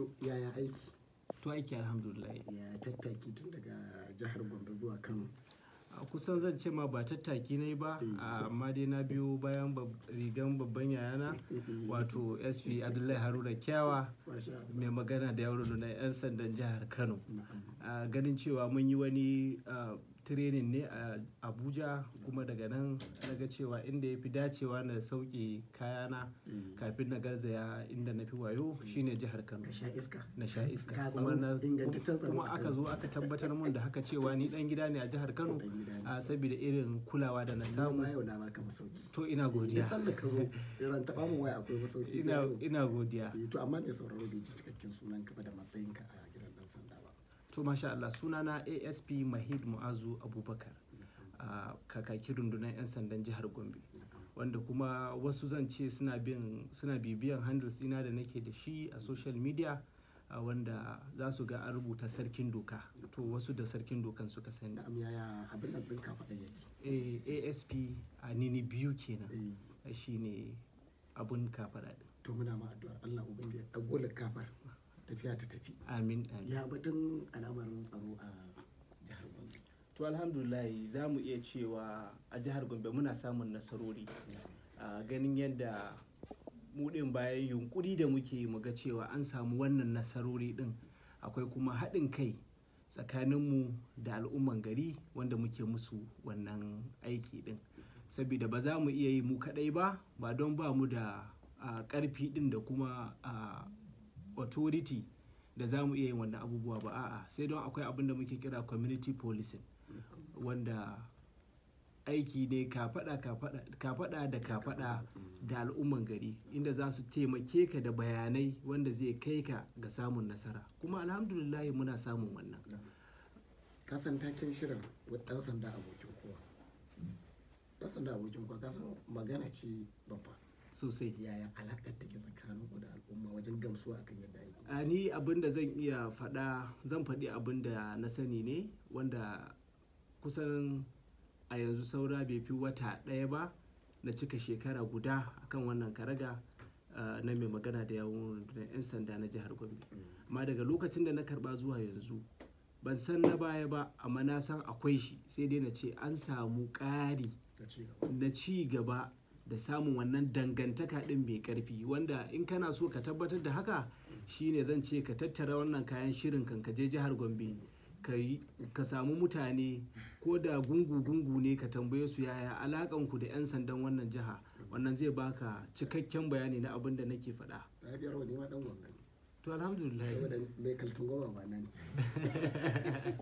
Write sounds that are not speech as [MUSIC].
to yaya aiki to aiki alhamdulillah ya tattaki tun daga jihar gombe zuwa kano kusan zan ce ma ba tattaki na yi ba eh. amma dai na biyo bayan rigan babban yayana [LAUGHS] wato sp abdullahi haruna kyawa mai magana da yawon na 'yan sandan jihar kano ganin cewa mun yi wani training ne a abuja kuma daga nan na cewa inda ya fi dacewa na sauke kayana mm. kafin na garzaya inda na fi wayo mm. shine jihar kano na sha iska kuma aka zo aka tabbatar mun da haka cewa ni dan gida ne a jihar kano a saboda irin kulawa da na samu to ina godiya ina godiya eh, to amma ne sauraro bai ji cikakken sunan ka da matsayinka a gidan dan sanda ba to masha Allah sunana asp mahid mu'azu abubakar a kakaki rundunar 'yan sandan jihar gombe wanda kuma wasu zan ce suna bibiyan handles ina da nake da shi a social media wanda za su ga an rubuta sarkin doka to wasu da sarkin dokan suka sani asp eh, a nini biyu kenan eh. shi ne abun kafaɗa to muna ma addu'ar Allah ubangiji ya dago kafar tafiya ta tafi amin ya batun al'amarin tsaro a jihar gombe to alhamdulillah za mu iya cewa a jihar gombe muna samun nasarori a ganin yadda muɗin bayan yunkuri da muke mu ga cewa an samu wannan nasarori ɗin akwai kuma haɗin kai tsakaninmu da al'umman gari wanda muke musu wannan aiki ɗin saboda ba za mu iya yi mu kaɗai ba ba don ba mu da ƙarfi ɗin da kuma authority da za mu iya yin wannan abubuwa ba a'a sai don akwai abin da muke kira community policing wanda aiki ne ka faɗa da ka faɗa da al'umman gari inda za su taimake ka da bayanai wanda zai kai ka ga samun nasara kuma alhamdulillah muna samun wannan kasan takin shirin dan sanda abokin kowa ɗan sanda abokin kowa kasan magana ce babba sosai yaya alakar take tsakanin gamsuwa kan yadda a ni abin da zan iya faɗa zan faɗi abin da na sani ne wanda kusan a yanzu saura bai fi wata ɗaya ba na cika shekara guda akan wannan karaga na mai magana da yawon rundunar 'yan sanda na jihar gombe amma daga lokacin da na karba zuwa yanzu ban san na baya ba amma na san akwai shi sai dai na ce an samu ƙari na ci gaba da samun wannan dangantaka din mai karfi wanda in kana so ka tabbatar da haka shine zan ce ka tattara wannan kayan shirin kan ka je jihar gombe ka samu mutane ko da gungu-gungu ne ka tambaye su yaya alakanku da 'yan sandan wannan jiha wannan zai baka cikakken bayani na abin da nake faɗa. [LAUGHS]